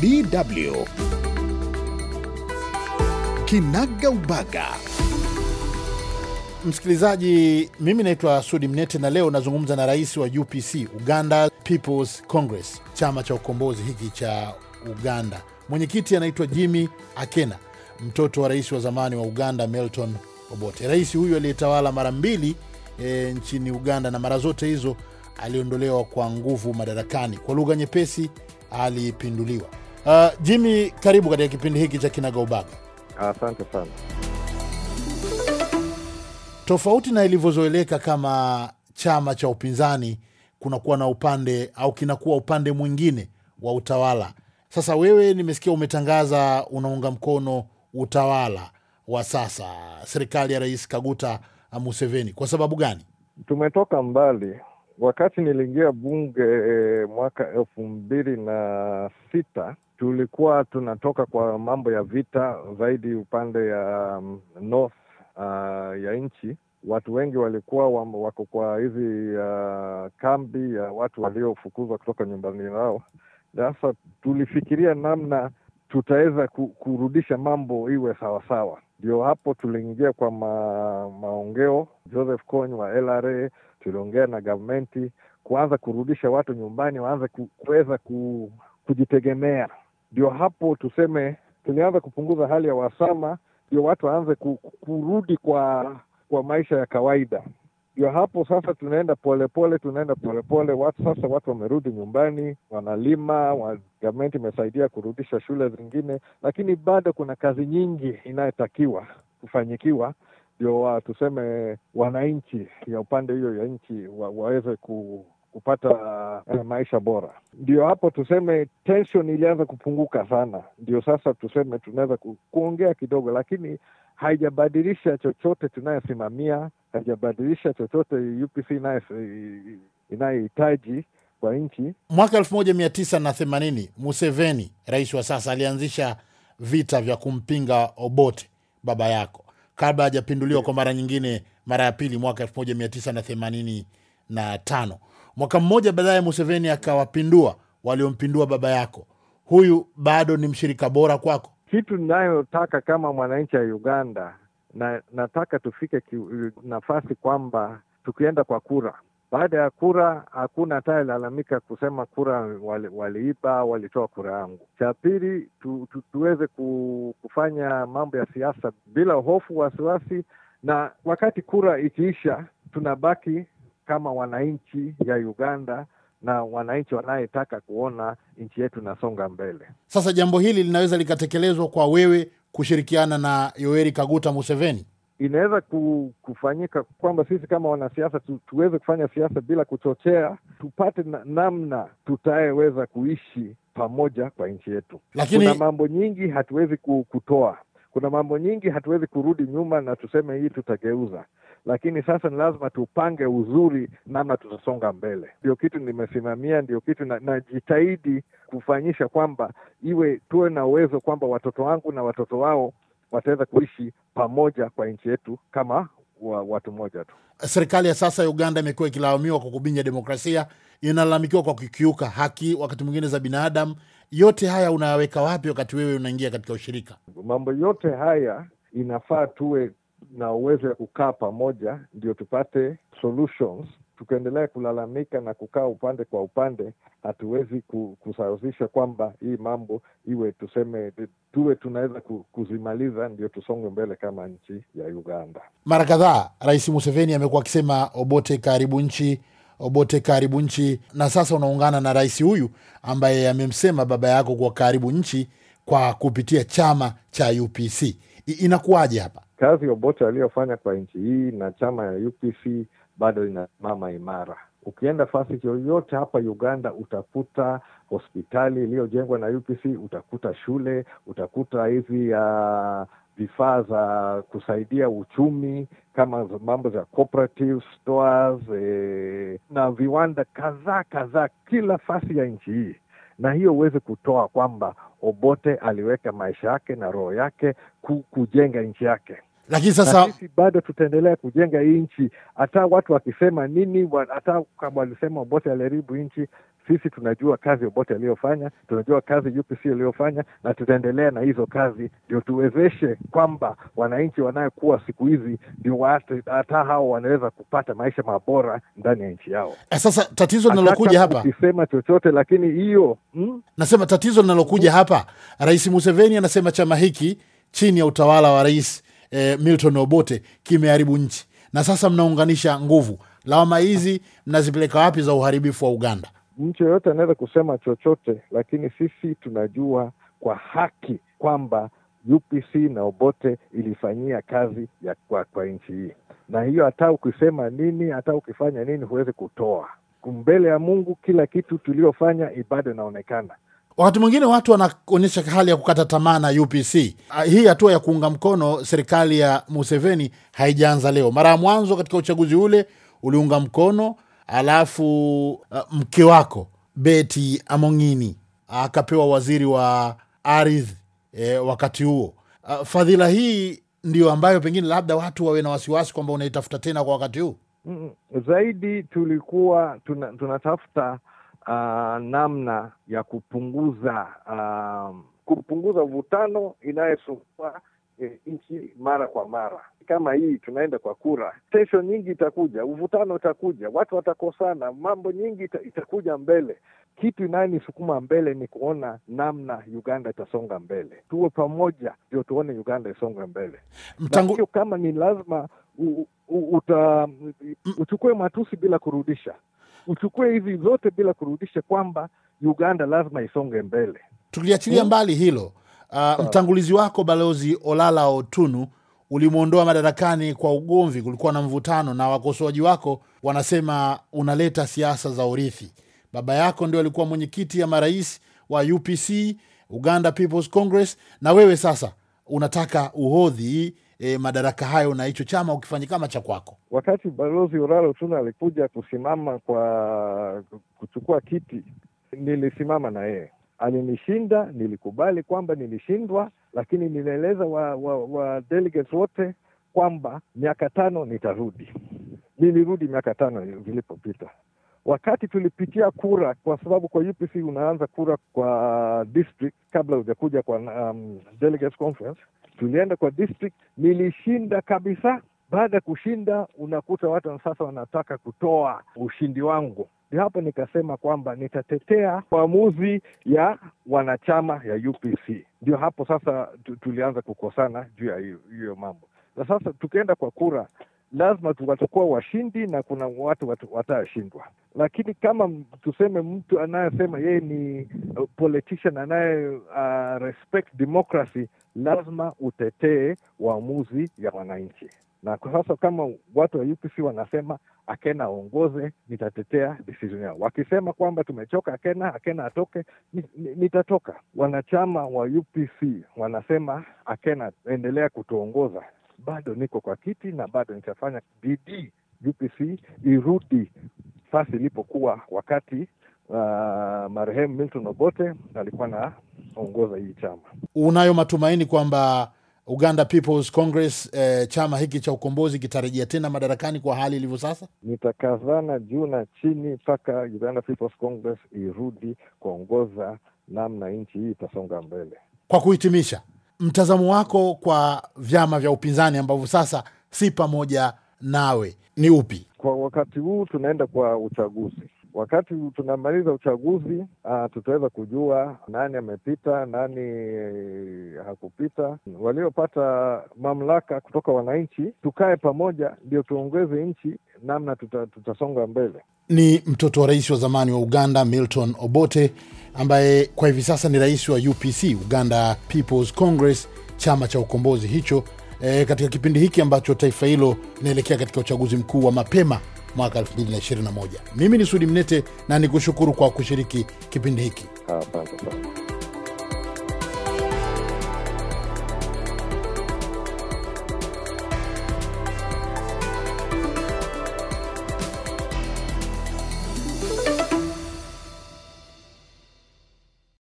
BW. Kinaga Ubaga. Msikilizaji, mimi naitwa Sudi Mnete na leo nazungumza na rais wa UPC, Uganda People's Congress, chama cha ukombozi hiki cha Uganda. Mwenyekiti anaitwa Jimmy Akena, mtoto wa rais wa zamani wa Uganda Milton Obote. Rais huyu aliyetawala mara mbili e, nchini Uganda na mara zote hizo aliondolewa kwa nguvu madarakani. Kwa lugha nyepesi, alipinduliwa. Uh, Jimmy, karibu katika kipindi hiki cha Kinaga Ubaga. Asante sana. Tofauti na ilivyozoeleka kama chama cha upinzani, kunakuwa na upande au kinakuwa upande mwingine wa utawala. Sasa wewe, nimesikia umetangaza unaunga mkono utawala wa sasa, serikali ya Rais Kaguta Museveni. Kwa sababu gani? Tumetoka mbali Wakati niliingia bunge eh, mwaka elfu mbili na sita tulikuwa tunatoka kwa mambo ya vita zaidi upande ya mm, north uh, ya nchi. Watu wengi walikuwa wako kwa hizi uh, kambi ya watu waliofukuzwa kutoka nyumbani lao. Sasa tulifikiria namna tutaweza kurudisha mambo iwe sawasawa. Ndio hapo tuliingia kwa ma, maongeo Joseph cony wa LRA tuliongea na gavmenti kuanza kurudisha watu nyumbani, waanze kuweza ku, kujitegemea. Ndio hapo tuseme tulianza kupunguza hali ya wasama, ndio watu waanze ku, kurudi kwa kwa maisha ya kawaida. Ndio hapo sasa tunaenda polepole pole, tunaenda polepole pole. Watu sasa watu wamerudi nyumbani, wanalima wa, gavmenti imesaidia kurudisha shule zingine, lakini bado kuna kazi nyingi inayotakiwa kufanyikiwa ndio wa tuseme wananchi ya upande hiyo ya nchi wa, waweze ku, kupata uh, maisha bora. Ndio hapo tuseme tension ilianza kupunguka sana, ndio sasa tuseme tunaweza ku, kuongea kidogo, lakini haijabadilisha chochote tunayosimamia, haijabadilisha chochote UPC inayohitaji kwa nchi. Mwaka elfu moja mia tisa na themanini Museveni, rais wa sasa, alianzisha vita vya kumpinga Obote, baba yako kabla hajapinduliwa kwa mara nyingine mara ya pili mwaka 1985. Mwaka mmoja baadaye Museveni akawapindua waliompindua baba yako. Huyu bado ni mshirika bora kwako? Kitu inayotaka kama mwananchi wa Uganda na nataka tufike nafasi kwamba tukienda kwa kura baada ya kura hakuna hata lalamika kusema kura waliiba, wali walitoa kura yangu. Cha pili tu, tu, tuweze kufanya mambo ya siasa bila hofu, wasiwasi, na wakati kura ikiisha, tunabaki kama wananchi ya Uganda na wananchi wanayetaka kuona nchi yetu inasonga mbele. Sasa jambo hili linaweza likatekelezwa kwa wewe kushirikiana na Yoweri Kaguta Museveni inaweza kufanyika kwamba sisi kama wanasiasa tu, tuweze kufanya siasa bila kuchochea, tupate na, namna tutayeweza kuishi pamoja kwa nchi yetu. Lakini kuna mambo nyingi hatuwezi kutoa, kuna mambo nyingi hatuwezi kurudi nyuma na tuseme hii tutageuza lakini sasa ni lazima tupange uzuri namna tutasonga mbele. Ndio kitu nimesimamia, ndio kitu najitahidi na kufanyisha kwamba iwe tuwe na uwezo kwamba watoto wangu na watoto wao wataweza kuishi pamoja kwa nchi yetu kama wa watu mmoja tu. Serikali ya sasa ya Uganda imekuwa ikilalamiwa kwa kubinya demokrasia, inalalamikiwa kwa kukiuka haki wakati mwingine za binadamu. Yote haya unayaweka wapi wakati wewe unaingia katika ushirika? Mambo yote haya inafaa tuwe na uwezo ya kukaa pamoja, ndio tupate solutions tukiendelea kulalamika na kukaa upande kwa upande, hatuwezi kusawazisha kwamba hii mambo iwe tuseme tuwe tunaweza kuzimaliza ndio tusonge mbele kama nchi ya Uganda. Mara kadhaa Rais Museveni amekuwa akisema Obote karibu nchi, Obote karibu nchi, na sasa unaungana na rais huyu ambaye amemsema baba yako kwa karibu nchi kwa kupitia chama cha UPC. Inakuwaje hapa kazi Obote aliyofanya kwa nchi hii na chama ya UPC bado inasimama imara. Ukienda fasi yoyote hapa Uganda utakuta hospitali iliyojengwa na UPC, utakuta shule, utakuta hizi uh, vifaa za kusaidia uchumi kama mambo za cooperative stores e, na viwanda kadhaa kadhaa kila fasi ya nchi hii, na hiyo huwezi kutoa kwamba Obote aliweka maisha yake na roho yake kujenga nchi yake lakini sasa sisi bado tutaendelea kujenga hii nchi, hata watu wakisema nini, hata kama walisema Obote aliharibu nchi, sisi tunajua kazi Obote aliyofanya, tunajua kazi UPC aliyofanya, na tutaendelea na hizo kazi, ndio tuwezeshe kwamba wananchi wanayokuwa siku hizi ndio hata hao wanaweza kupata maisha mabora ndani ya nchi yao. E, sasa tatizo linalokuja hapa, kisema chochote lakini hiyo hmm? Nasema tatizo linalokuja hapa, Rais Museveni anasema chama hiki chini ya utawala wa rais eh, Milton Obote kimeharibu nchi, na sasa mnaunganisha nguvu. Lawama hizi mnazipeleka wapi za uharibifu wa Uganda? Mtu yoyote anaweza kusema chochote, lakini sisi tunajua kwa haki kwamba UPC na Obote ilifanyia kazi ya kwa, kwa nchi hii, na hiyo hata ukisema nini, hata ukifanya nini, huwezi kutoa mbele ya Mungu. Kila kitu tuliofanya ibada inaonekana. Wakati mwingine watu wanaonyesha hali ya kukata tamaa na UPC. Ah, hii hatua ya kuunga mkono serikali ya Museveni haijaanza leo. Mara ya mwanzo katika uchaguzi ule uliunga mkono, alafu uh, mke wako beti Amongini akapewa waziri wa ardhi e, wakati huo. Uh, fadhila hii ndio ambayo pengine labda watu wawe na wasiwasi kwamba unaitafuta tena kwa wakati huu zaidi. Tulikuwa tuna, uh, namna ya kupunguza uh, kupunguza mvutano inayosumbua eh, nchi mara kwa mara kama hii, tunaenda kwa kura. Kesho nyingi itakuja, uvutano utakuja, watu watakosana, mambo nyingi itakuja mbele. Kitu inayonisukuma mbele ni kuona namna Uganda itasonga mbele, tuwe pamoja ndio tuone Uganda isonge mbele Mtangu... na kama ni lazima u, u, uta, uchukue matusi bila kurudisha uchukue hivi zote bila kurudisha kwamba Uganda lazima isonge mbele. Tukiachilia hmm, mbali hilo uh, mtangulizi wako Balozi Olala Otunu ulimwondoa madarakani kwa ugomvi, kulikuwa na mvutano, na wakosoaji wako wanasema unaleta siasa za urithi. Baba yako ndio alikuwa mwenyekiti ya marais wa UPC, Uganda People's Congress, na wewe sasa unataka uhodhi e, madaraka hayo na hicho chama ukifanya kama cha kwako. Wakati balozi Uralo Tuna alikuja kusimama kwa kuchukua kiti, nilisimama na yeye alinishinda. Nilikubali kwamba nilishindwa, lakini nilieleza wa, wa, wa delegates wote kwamba miaka tano nitarudi. Nilirudi miaka tano zilipopita, wakati tulipitia kura, kwa sababu kwa UPC unaanza kura kwa district kabla hujakuja kwa um, delegates conference tulienda kwa district, nilishinda kabisa. Baada ya kushinda, unakuta watu sasa wanataka kutoa ushindi wangu. Ndio hapo nikasema kwamba nitatetea maamuzi ya wanachama ya UPC. Ndio hapo sasa tulianza kukosana juu ya hiyo mambo, na sasa tukienda kwa kura lazima watakuwa washindi na kuna watu, watu watashindwa. Lakini kama tuseme mtu anayesema yeye ni uh, politician anaye uh, respect democracy, lazima utetee uamuzi ya wananchi. Na kwa sasa kama watu wa UPC wanasema Akena aongoze, nitatetea decision yao. Wakisema kwamba tumechoka Akena, Akena atoke, nitatoka. Wanachama wa UPC wanasema Akena endelea kutuongoza, bado niko kwa kiti na bado nitafanya bidii UPC irudi fasi ilipokuwa wakati uh, marehemu Milton Obote alikuwa anaongoza hii chama. Unayo matumaini kwamba Uganda People's Congress eh, chama hiki cha ukombozi kitarejea tena madarakani kwa hali ilivyo sasa? Nitakazana juu na chini mpaka Uganda People's Congress irudi kuongoza namna nchi hii itasonga mbele. Kwa kuhitimisha, mtazamo wako kwa vyama vya upinzani ambavyo sasa si pamoja nawe ni upi? Kwa wakati huu tunaenda kwa uchaguzi Wakati tunamaliza uchaguzi uh, tutaweza kujua nani amepita, nani hakupita. Waliopata mamlaka kutoka wananchi, tukae pamoja, ndio tuongeze nchi namna tuta, tutasonga mbele. Ni mtoto wa rais wa zamani wa Uganda Milton Obote ambaye kwa hivi sasa ni rais wa UPC, Uganda People's Congress, chama cha ukombozi hicho, e, katika kipindi hiki ambacho taifa hilo linaelekea katika uchaguzi mkuu wa mapema mwaka 2021. Mimi ni Sudi Mnete na nikushukuru kwa kushiriki kipindi hiki.